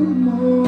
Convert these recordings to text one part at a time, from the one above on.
amor.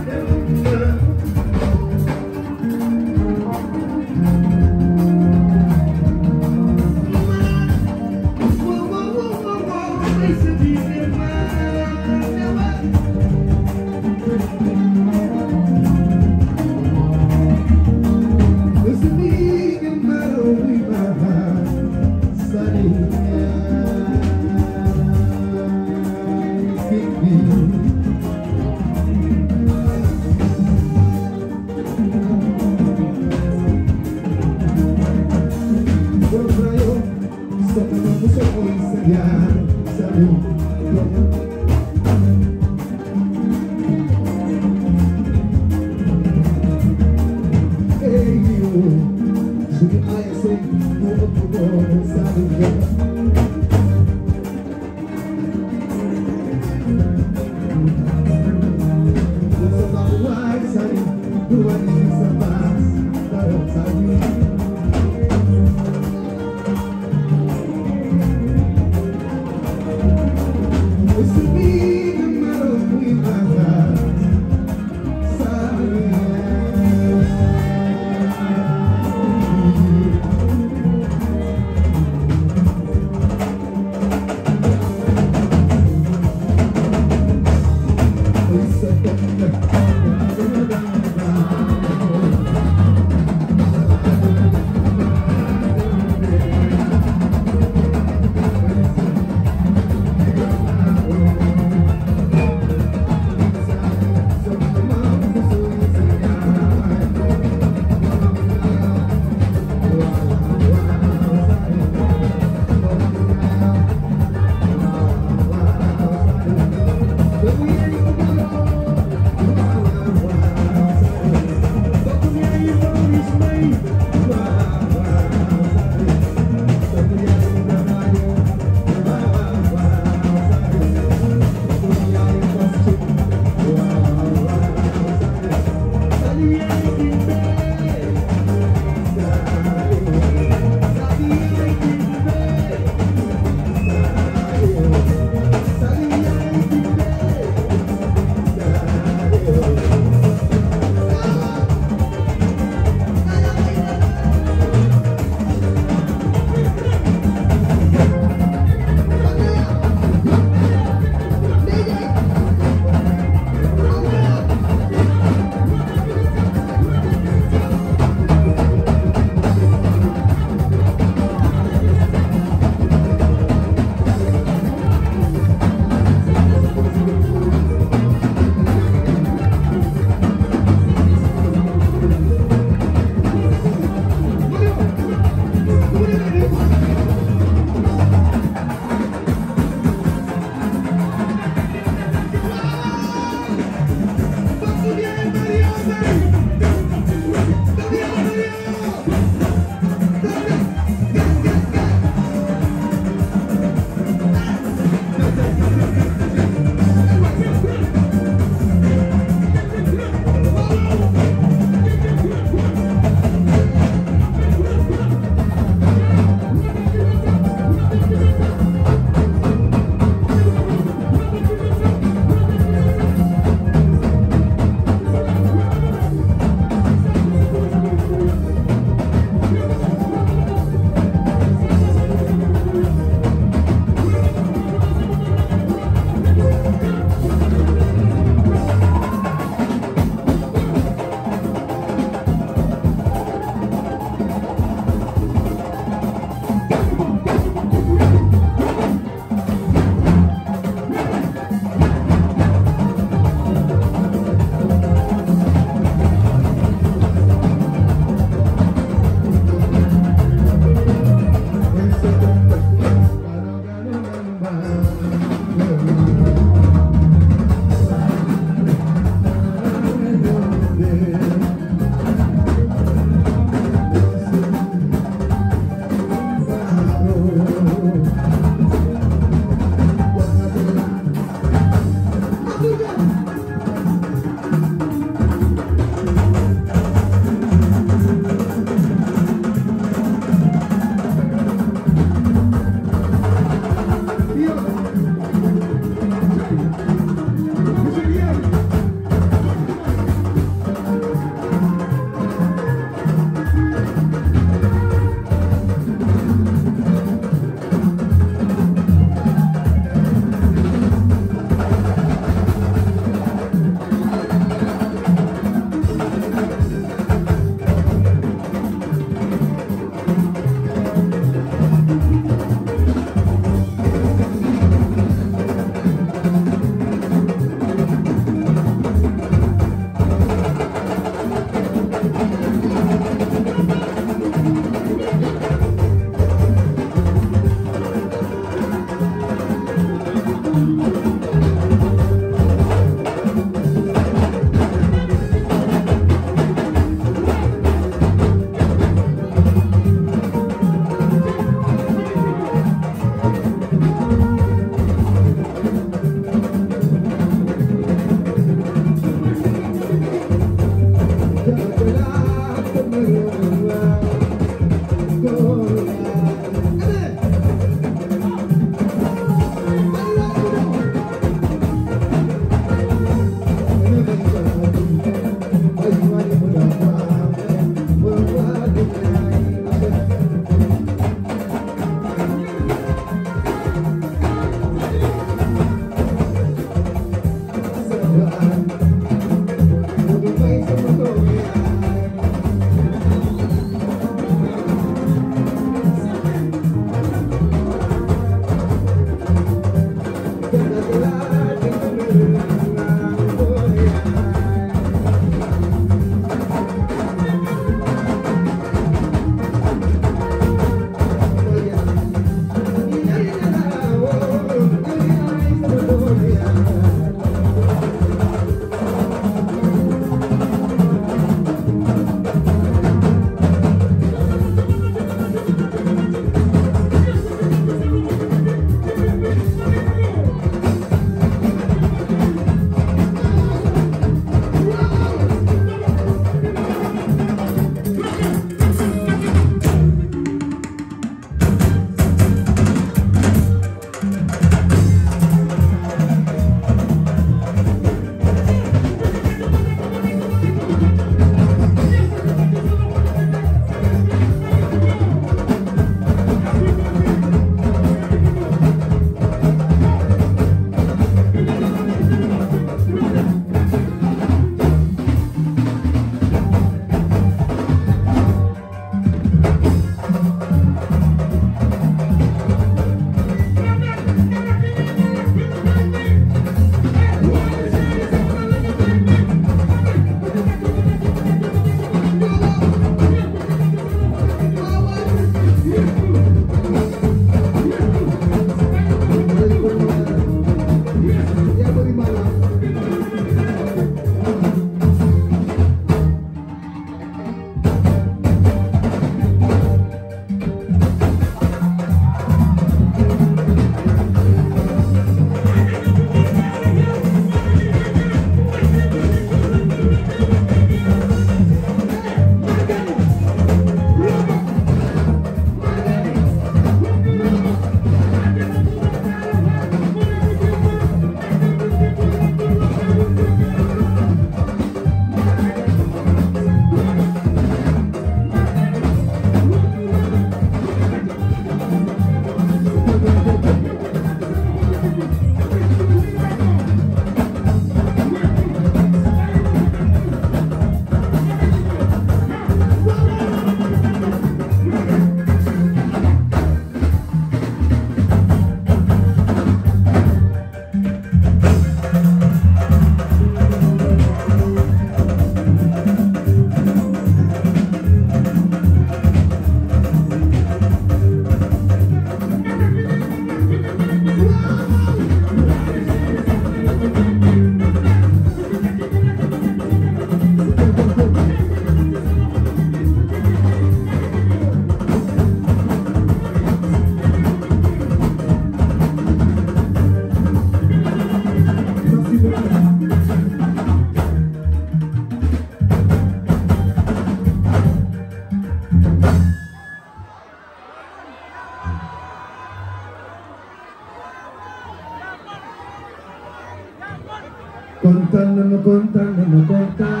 kontaan nañu kontaan nañu kontaan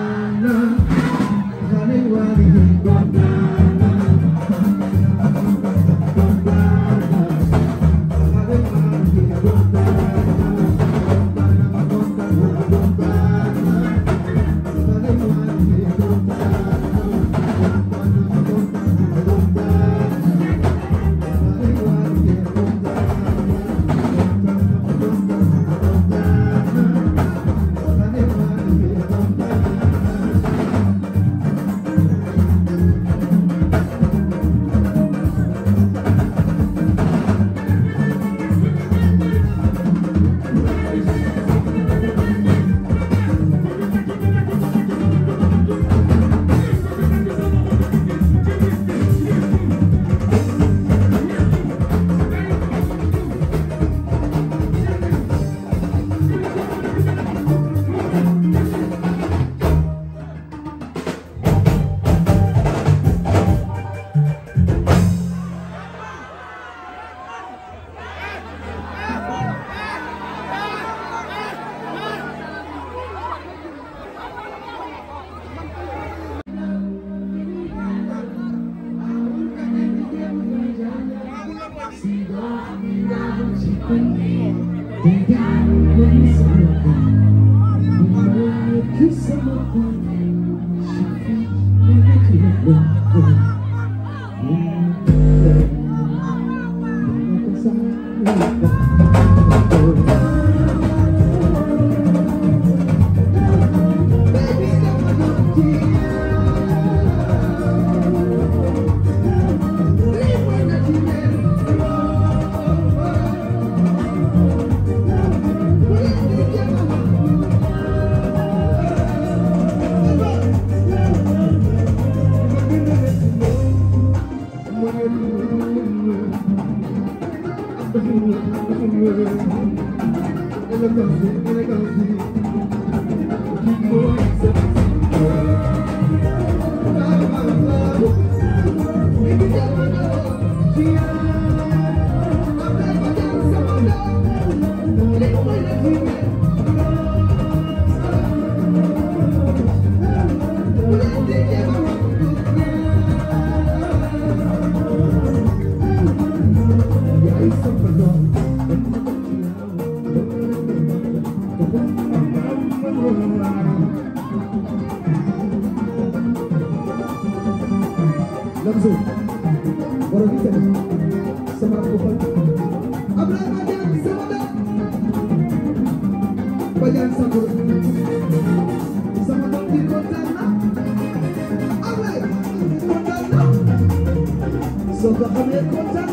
nga xam ne kontaan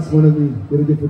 chance mon ami jërëjëf